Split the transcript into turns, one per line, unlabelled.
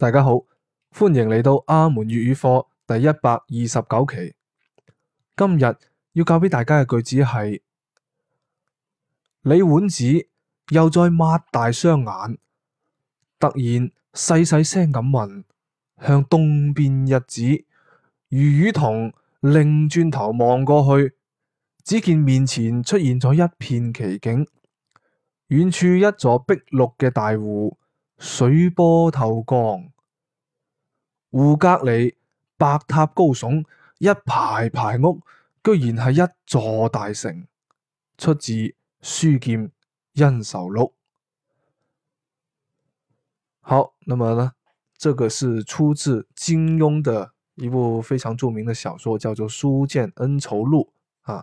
大家好，歡迎嚟到阿門粵語課第一百二十九期。今日要教俾大家嘅句子係：李浣芷又再擘大雙眼，突然細細聲咁問，向東邊一指。余魚同擰轉頭望過去，只見面前出現咗一片奇景，遠處一座碧綠嘅大湖。水波透光，湖隔離白塔高聳，一排排屋，居然係一座大城。出自《書劍恩仇錄》。好，那麼呢？這個是出自金庸的一部非常著名嘅小說，叫做《書劍恩仇錄》啊。